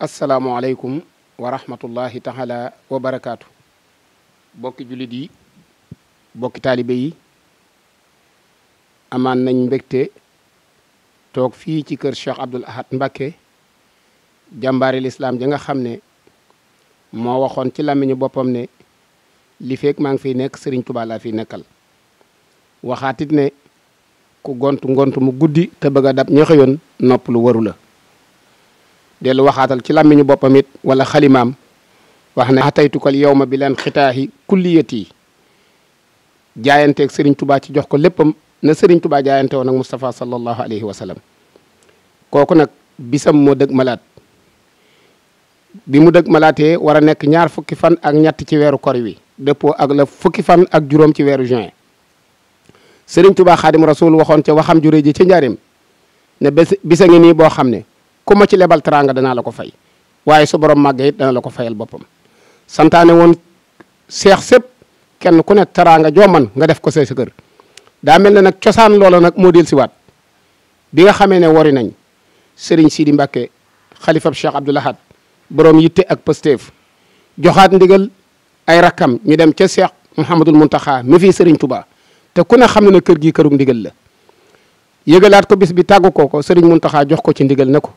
asalaamualeykum wa rahmatullahi taala wa barakaatu. bokki jullit yi bokki taalibe yi amaan nañ mbégte toog fii ci kër Cheikh Abdoul Ahad Mbacké jàmbaari lislaam ja nga xam ne moo waxoon ci làmmiñu boppam ne li feek maa ngi fiy nekk Sëriñ Tuubaa laa fiy nekkal waxaatit ne ku gont ngont mu guddi te bëgg a dab ña nopp lu waru la dellu waxaatal ci làmmiñu boppamit it wala xalimaam wax ne ataytukal yawma bi leen xitaahi kulliyat yi jaayanteeg Serigne Touba ci jox ko léppam na sëriñ Touba jaayante woon ak Moustapha sallallahu alayhi wa kooku nag bisam moo dëgg malaat bi mu dëgg malaatee war a nekk ñaar fukki fan ak ñett ci weeru kor wi dëppoo ak la fukki fan ak juróom ci weeru juin Serigne Touba xaadim rasul waxoon ca waxam ju rëy ji ca njaarim ne bisa ngi nii boo xam ne ku ma ci lebal teraanga danaa la ko fay waaye su boroom màggee it dana la ko fayal boppam santaane woon seex sépp kenn ku ne teraanga joo man nga def ko say sa kër daa mel na nag cosaan loola nag moo del siwaat bi nga xamee ne wari nañ sëriñ Sidi Mbacke xalifab Cheikh Abdoul Ahad borom yitte ak Pastef joxaat ndigal ay rakkam ñu dem ca Cheikh Mouhamadul Mountakha mi fii sëriñ Touba te ku ne xam ne ne kër gi këru ndigal la yëgalaat ko bis bi tàggu ko ko sëriñ Mountakha jox ko ci ndigal ne ko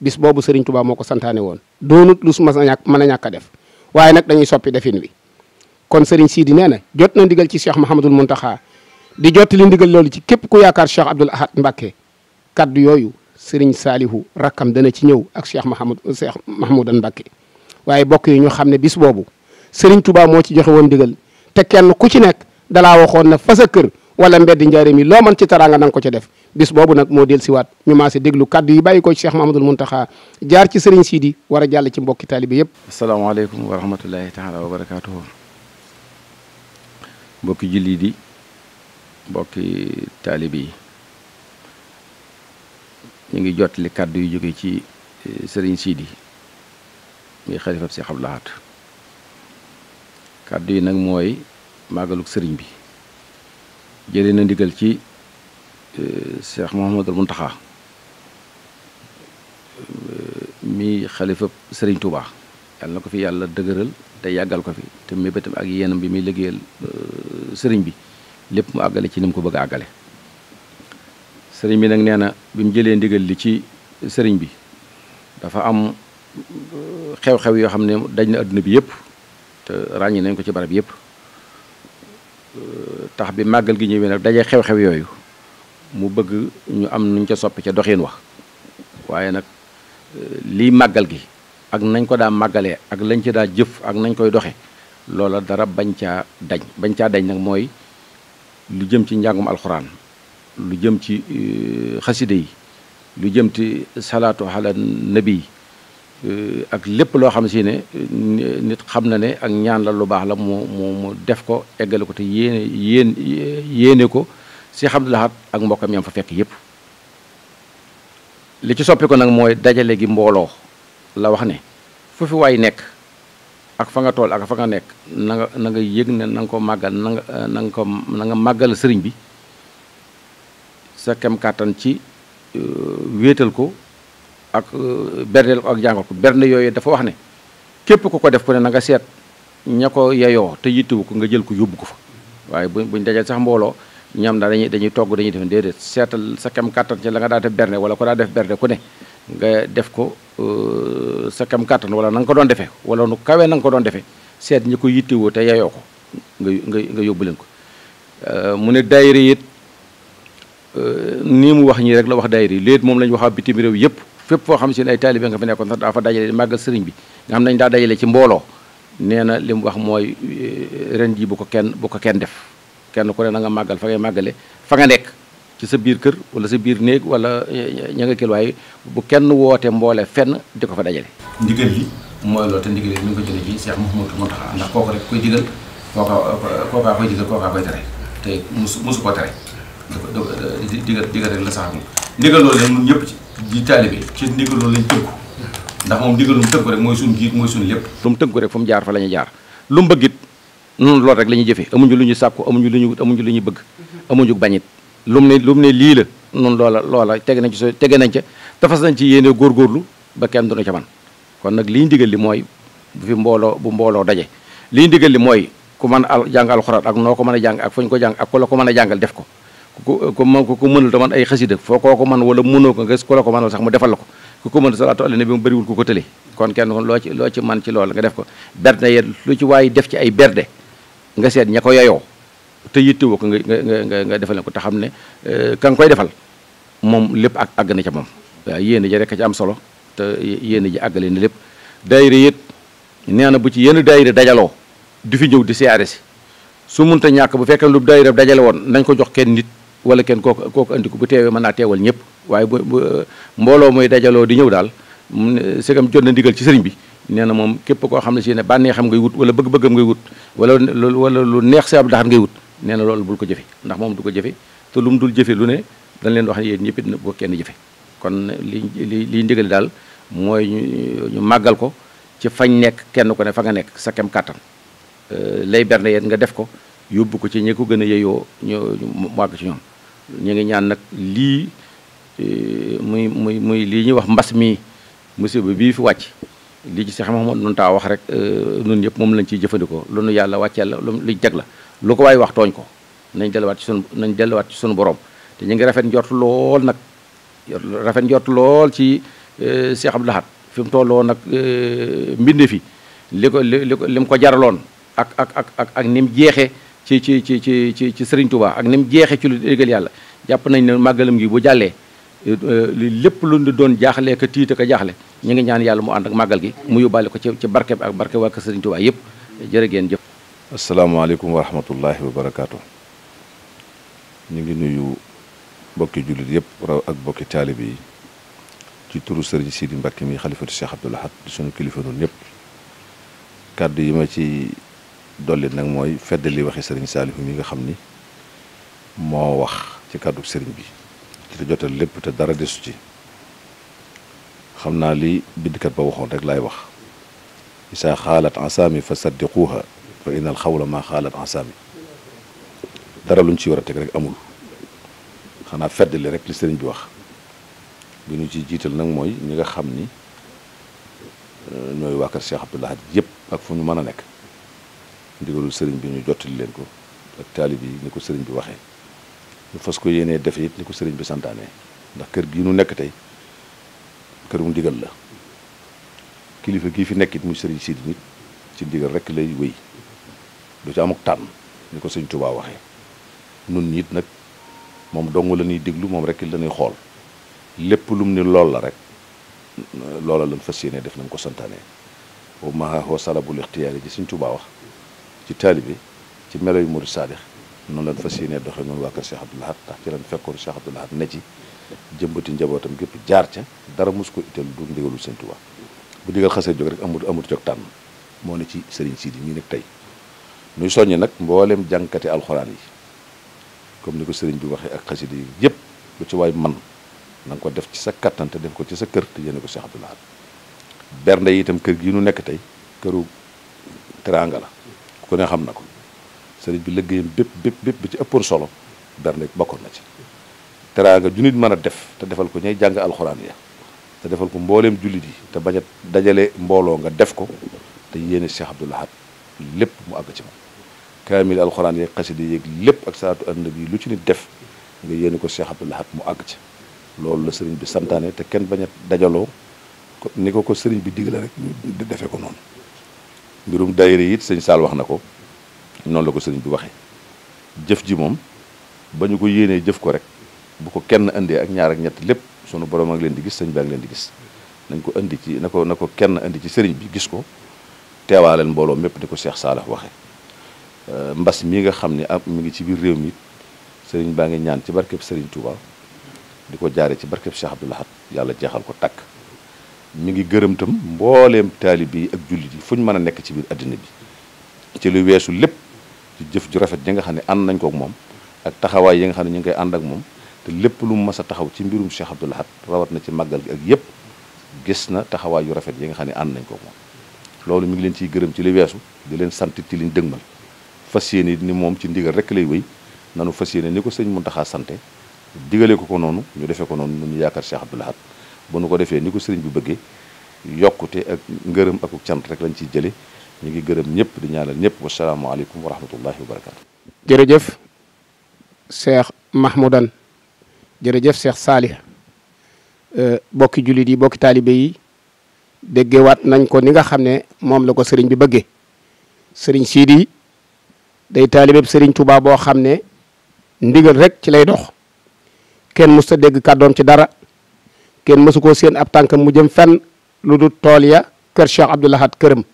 biss boobu Serigne Touba moo ko santaane woon doonut lu su mas a ñàkk mën a ñàkk def waaye nag dañuy soppi defin wi kon Serigne Sidi nee na jot na ndigal ci Cheikh Mahamadul Muntaxa di jottali ndigal loolu ci képp ku yaakaar Cheikh Abdoul Ahad Mbacké kaddu yooyu Serigne Saalihu rakkam dana ci ñëw ak Cheikh Mahamad Cheikh Mahmoudan Mbacké waaye bokk yi ñu xam ne bis boobu sëriñ Touba moo ci joxe woon ndigal te kenn ku ci nekk dalaa waxoon na fa sa kër wala mbeddi njaareem yi loo ci taraanga nang ko ci def bis boobu nag moo del siwaat ñu maase déglu kaddu yi bàyyi ko ci Cheikh Mahamadul Muntaxa jaar ci sëriñ Sidi war a jàll ci mbokki taalibe yëpp asalaamaaleykum wa rahmatullahi taala wa barakaatuhu mbokki julli di mbokki taalibe yi ñu ngi jottali kaddu yu jóge ci eh, sëriñ Sidi muy xalifab si xablaat kaddu yi nag mooy màggaluk sëriñ bi jëlee na ndigal ci euh, Cheikh Mouhamadul taxa euh, mi xalifa Serigne Touba yàlla na ko fi yàlla dëgëral te yàggal ko fi te mébétam ak yenam bi muy liggéeyal euh, sëriñ bi lépp mu àggale ci ni mu ko bëgg àggale sëriñ bi nag nee na bi mu jëlee ndigal li ci sëriñ bi dafa am xew-xew yoo xam ne daj na adduna bi yëpp te ràññi nañ ko ci barab yëpp tax bi màggal gi ñëwee nag daje xew-xew yooyu mu bëgg ñu am nuñ ca soppi ca doxin wax waaye nag euh, lii màggal gi ak nañ ko daa màggalee ak lañ ci daa jëf ak nañ koy doxe loola dara bañ caa dañ bañ caa dañ nag mooy lu jëm ci njàngum alxuraan lu jëm ci euh, xaside yi lu jëm ci salaatu ala nabi Euh, ak lépp loo xam si ne euh, nit xam na ne ak ñaan la lu baax la mu mu def ko eggale ko te yéen yéen yéene ko si xam laxat ak mbokkam yam fa fekk yépp li ci soppi ko nag mooy dajale gi mbooloo la wax ne fu fi waay nekk ak fa nga tool ak fa nga nekk na nga na nga yëg ne na nga ko màggal na nga euh, na nga ko sëriñ bi sa kem kàttan ci wéetal ko ak euh, berneel ko ak jàngal ko yooyu dafa wax ne képp ku ko def ku ne na nga seet ña ko yayoo te yittewu ko nga jël ko yóbbu ko fa waaye bu buñ dajal sax mbooloo ñoom daal dañuy togg dañuy def déedéet seetal sa kem kàttan la nga daa def berne wala ko daa berne ku ne def ko euh, sa kem kàttan wala na nga ko doon defee wala nu kawee na nga ko doon defee seet ñi ko yittewoo te yeyoo ko nga nga nga yóbbu leen ko euh, mu ne daayira it nii mu wax ñii rek la wax daayira léet moom la ñu waxaa bitim réew yëpp fépp foo xam si ne ay taalibe nga fa nekkoon sax daa fa dajale màggal sëriñ bi nga xam nañ daa dajale ci mbooloo nee na li mu wax mooy eh, ren jii bu ko kenn bu ko kenn def kenn ku ne na nga màggal fa ngay màggale fa nga nekk ci sa biir kër wala sa biir néeg wala ña nga kilwaay bu kenn woote mboole fenn di ko fa dajale ndigal li mooy loolu te ndigal li ngi ko jëlee ji Cheikh Mouhamadou Mountakha ndax kooku rek koy kooka koy digal kookaa koy tere te musu musu ko dafa digal la sax moom ndigal loolu nag ñun ñëpp di taalibe ci ndigal loolu lañ tënku ndax moom ndigal lu mu tënku rek mooy suñ jiit mooy suñ lépp lu mu tënku rek fu mu jaar fa la ñuy jaar lu mu bëgg it loolu rek la ñuy jëfe amuñu lu ñu sàkku amuñu lu ñu amuñu lu ñu bëgg amuñu bañit lu mu ne lu ne lii la noonu loola loola tege nañ ci so tege nañ ca tafas nañ ci yéene góorgóorlu ba kenn duna ca man kon nag li ñu digal li mooy bu fi mbooloo bu mbooloo daje li ñu digal li mooy ku mën a jàng alxuraan ak noo ko mën a jàng ak fu ko jàng ak la ko mën a jàngal def ko ku ko man ku ko mënul te man ay xasida foo koo ko man wala mënoo ko nga ko la ko man sax mu defal la ko ku ko mën salaatu ala nabi mu bëriwul ku ko tële kon kenn kon loo ci loo ci man ci loolu nga ci waaye def ci ay berde nga ko yoyoo te yittewoo ko nga nga nga defal ne ko te euh, ka nga koy defal moom lépp ak àgg na ca moom waaw yéene ji rek ci am solo te yéene ji àggale na lépp daayira yit nee na bu ci yenn daayira dajaloo du fi ñëw di siyaare si su munta ñàkk bu fekkee lu daayira dajale woon nañ ko jox kenn nit wala kenn kooku kooku andi ko bu teewee mën naa teewal ñëpp waaye bu mbooloo mooy dajaloo di ñëw daal segam jot na ndigal ci sëriñ bi nee na moom képp koo xam ne si ne bànnee xam ngay wut wala bëgg-bëggam ngay wut wala wala lu neex si ab daxar ngay wut nee na loolu bul ko jëfe ndax moom du ko jëfe te lu mu dul jëfe lu ne dañ leen wax ne yéen ñëpp it na kenn jëfe kon lii lii liy ndigal daal mooy ñu màggal ko ci fañ nekk kenn ko ne fa nga nekk sa kem kàttan euh, lay berne yéen nga def ko yóbbu ko ci ñi ko gën a yeyoo ñu màgg ci ñoom ñu ngi ñaan nag lii e, muy muy muy lii ñuy wax mbas mii musiba bii fi wàcc lii ci Cheikh Mouhamadou Mountakha wax rek e, nun yëpp moom lañ ciy jëfandikoo lu nu yàlla wàcceel la lu jag la lu ko waaye wax tooñ ko nañ delluwaat ci sunu nañ delluwaat sunu borom te ñu ngi rafet njort lool nag rafet njort lool ci e, Cheikh Abdou Lahad fi mu tolloo nag mbinde fi li ko li ko li ko jaraloon ak ak ak ak ak ni jeexee ci ci ci ci ci ci Serigne ak ni mu jeexee ci lu déggal yàlla jàpp nañ ne màggalam gi bu jàllee euh, euh, lépp lu ñu doon jaaxlee ka tiit ka jaaxle ñu ngi ñaan yàlla mu ànd ak màggal gi mu yóbbaale ko ci ci barke ak barke waa kër Serigne Touba yëpp geen jëpp jëf. asalaamaaleykum wa rahmatullahi wa barakaatu. ñu ngi nuyu mbokki jullit yëpp raw ak mbokki taalibe yi ci turu Serigne Sidi Mbacke mi xalifatu Cheikh Abdoul Ahad di sunu kilifa noonu ñëpp yi ma ci. dolli nag mooy fedd feddali waxi sëriñ Saalihu mi nga xam ni moo wax ci kàddu sëriñ bi ci te jotal lépp te dara desu ci xam naa li bindkat ba waxoon rek laay wax sa xaalat ansaami fa saddiquuha fa innal xawla maa xaalat ansaami dara luñ ci war a teg rek amul xanaa feddali rek li sëriñ bi wax bi ñu ci jiital nag mooy ñi nga xam ni euh, ñooy waa kër Cheikh Abdoul yëpp ak fu ñu mën a nekk ndigalul sëriñ bi ñu jottali leen ko ak taalib yi ni ko sëriñ bi waxee ñu fas ko yéenee defe it ni ko sëriñ bi santaane ndax kër gii nu nekk tey kërum ndigal la kilifa gii fi nekk it muy sëriñ Sidi nit ci ndigal rek lay wéy du ci amuk tànn ni ko sëñ Tuubaa waxee nun it nag moom dong la ñuy déglu moom rek la ñuy xool lépp lu mu ni lool la rek loola lañ fas yéene def nañ ko santaane wa maha salabu lixtiyaari ji sëñ Tuubaa wax ci taalibe ci melo yu murid saadix noonu lañ fas yéenee doxe noonu waa kër Cheikh Abdou Lahad ndax ci lañ fekkoon Cheikh Abdou ne ci jëmbati njabootam gépp jaar ca dara mos ko ital du ndigalu Sëñ Tuubaa bu ndigal xasee jóg rek amul amul jóg tànn moo ne ci Serigne Sidi mii nag tey nuy soññi nag mbooleem jànkate alxuraan yi comme ni ko sëriñ bi waxee ak xasida yi yëpp lu ci waay man na nga ko def ci sa kattan te def ko ci sa kër te yéene ko Cheikh Abdou Lahad bernde itam kër gi nu nekk tey këru teraanga ku xam na ko sëriñ bi liggéeyam bépp bépp bépp bi ci ëppoon solo bernde bokkoon na ci teraanga nga nit mën a def te defal ko ñay jàng alxuraan ya te defal ko mbooleem jullit yi te bañ dajale mbooloo nga def ko te yéene Cheikh Abdoul Ahad lépp mu àgg ci moom kaamil alxuraan yeeg xasida yeeg lépp ak salaatu annabi lu ci nit def nga yéene ko Cheikh Abdoul Ahad mu àgg ci loolu la sëriñ bi santaane te kenn bañ a dajaloo ni ko ko sëriñ bi digle rek ñu ko noonu mbirum daayira it sëñ Saal wax na ko noonu la ko sëriñ bi waxe jëf ji moom ba ñu ko yéenee jëf ko rek bu ko kenn indee ak ñaar ak ñett lépp sunu borom ak leen di gis sëñ bi ak di gis nañ ko indi ci na ko na ko kenn indi ci sëriñ bi gis ko teewaaleen mbooloo mépp ni ko Cheikh Salah waxee euh, mbas mi nga xam ne ah mu ngi ci biir réew mi sëriñ baa ngi ñaan ci barkeb sëriñ Touba di ko jaare ci barkeb Cheikh Abdoul Ahad yàlla jeexal ko takk ñu ngi gërëm tam mbooleem taalib yi ak jullit yi fu ñu mën a nekk ci biir àddina bi ci lu weesu lépp jëf ju rafet yi nga xam ne ànd nañ ko moom ak taxawaay yi nga xam ne ñu ngi koy ànd ak moom te lépp lu mu a taxaw ci mbirum Cheikh Abdoul Ahad rawat na ci màggal gi ak yëpp gis na taxawaay yu rafet yi nga xam ne ànd nañ ko moom loolu mi ngi leen ciy gërëm ci li weesu di leen sant ci liñ dëgmal fas yéene ni moom ci ndigal rek lay wéy nanu fas yéene ni ko sëñ Muntaxa sante digale ko ko noonu ñu defee ko noonu ñu yaakaar Cheikh Abdoul Ahad bu nu ko defee ni ko sëriñ bi bëggee yokkute ak ngërëm ak cant rek lañ ci jële ñu ngi gërëm ñëpp di ñaanal ñëpp wasalaamualeykum wa rahmatullahi wa barakaatu. jërëjëf Cheikh Mahmoudan jërëjëf Cheikh Salih euh, bokki jullit yi bokki taalibe yi déggewaat nañ ko ni nga xam ne moom la ko sëriñ bi bëggee sëriñ Sidi day taalibe sëriñ Touba boo xam ne ndigal rek ci lay dox kenn musta dégg kàddoom ci dara. kenn mësu koo seen ab tànkam mu jëm fenn lu dul tool ya kër Cheikh Abdoul Ahad këram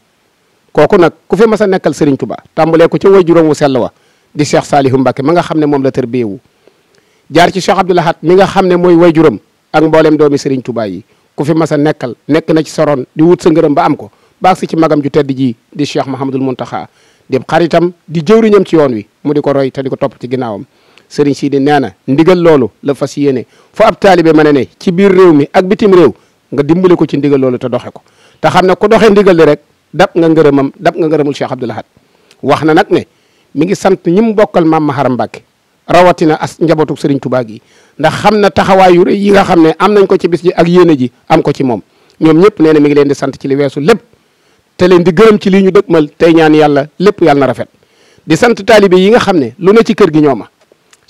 kooku nag ku fi mas a nekkal Serigne Touba tàmbalee ko ci way juróom wu sell wa di Cheikh Salihu Mbacke ma nga xam ne moom la tërbiyee wu jaar ci Cheikh Abdoul Ahad mi nga xam ne mooy way juróom ak mboolem doomi Serigne Touba yi ku fi mas a nekkal nekk na ci soroon di wut sa ngërëm ba am ko baax si ci magam ju tedd ji di Cheikh Mouhamadul Mountakha di xaritam di jëwriñam ci yoon wi mu di ko roy te ko topp ci ginnaawam sëriñ Sidi nee na ndigal loolu la fas yéene fo ab taalibe ma a ne ci biir réew mi ak bitim réew nga dimbale ko ci ndigal loolu te doxe ko te xam ne ko doxee ndigal li rek dab nga ngërëmam dab nga ngërëmul Cheikh Abdoul Ahad wax na nag ne mi ngi sant ñi mu bokkal maam Maharam Mbàkke rawatina as njabootu sëriñ Tuubaa gi ndax xam na taxawaayu yu yi nga xam ne am nañ ko ci bis ji ak yéene ji am ko ci moom ñoom ñëpp nee na mi ngi leen di sant ci li weesu lépp te leen di gërëm ci lii ñu dëgmal tey ñaan yàlla lépp yàlla rafet di sant taalibe yi nga xam ne lu ne ci kër gi ñooma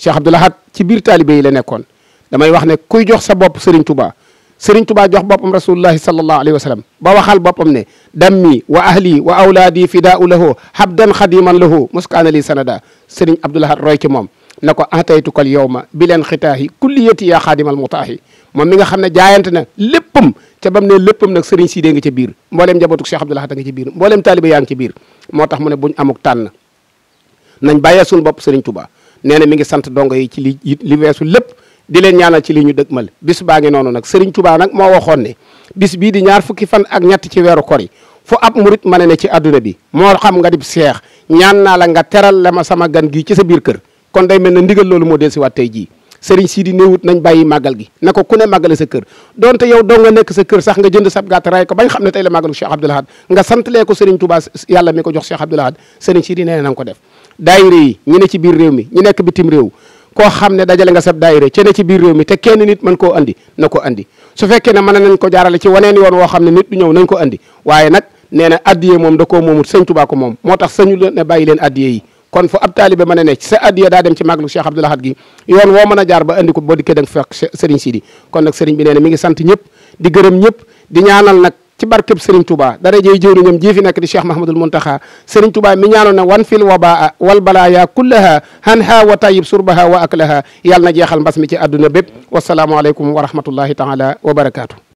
Cheikh Abdoul Ahad ci biir taalibe yi la nekkoon damay wax ne kuy jox sa bopp Serigne Touba Serigne Touba jox boppam rasulullahi sallallahu alayhi wa sallam ba waxal boppam ne dammi wa ahli wa awlaadi fidaau lahu habdan xadiman lahu muskaana li sanada Serigne Abdoul Ahad roy ci moom na ko ataytukal yowma bi leen xitaahi kulliyati yaa xaadimal mutaahi moom mi nga xam ne jaayante na léppam ca bam ne léppam nag Serigne Sidé nga ca biir mbooleem njabootu Cheikh Abdoul Ahad nga ci biir mbooleem taalibe yaa ngi ci biir moo tax mu ne buñ amuk tànn nañ bàyyee suñu bopp Serigne nee na mi ngi sant dongo yi ci li li weesu lépp di leen ñaanal ci li ñu dëgmal bis baa ngi noonu nag Serigne Touba nag moo waxoon ne bis bii di ñaar fukki fan ak ñetti ci weeru kor yi fu ab murit ma ne ne ci àdduna bi moo xam nga dib seex ñaan naa la nga teral la ma sama gan gii ci sa biir kër kon day mel na ndigal loolu moo del si waat tey jii sëriñ Sidi néewut nañ bàyyi màggal gi na ko ku ne màggale sa kër donte yow doo nga nekk sa kër sax nga jënd sab gàtt raay ko bañ xam ne tey la màggalu Cheikh Abdoul Ahad nga santalee ko sëriñ Touba yàlla mi ko jox Cheikh Abdoul Ahad sëriñ na ko def daayira ñu ne ci biir réew mi ñu nekk bitim réew koo xam ne dajale nga sab daayira ci ne ci biir réew mi te kenn nit mën koo andi na ko andi su fekkee ne mën nañ ko jaarale ci waneen yoon woo xam ne nit du ñëw nañ ko andi waaye nag nee na addiye moom da koo moomut sëñ Touba ko moom moo tax sëñu ne bàyyi leen addiye yi kon fu ab taalibe mën a ne sa addiya daa dem ci màggalu Cheikh Abdoul Ahad gi yoon woo mën a jaar ba andi ko boo dikkee da nga fekk Serigne Sidi kon nag Serigne bi nee na mi ngi sant ñëpp di gërëm ñëpp di ñaanal nag ci barkeb Serigne Touba dara jëy jëwri ñoom jii fi nekk di Cheikh Mahamadul Muntaxa Serigne Touba mi ñaanoon ne wan fil wabaa wal balaya kullaha hanha wa tayyib surbaha wa aklaha yàlla na jeexal mbas mi ci àdduna bépp wasalaamualeykum wa rahmatullahi taala wa barakaatu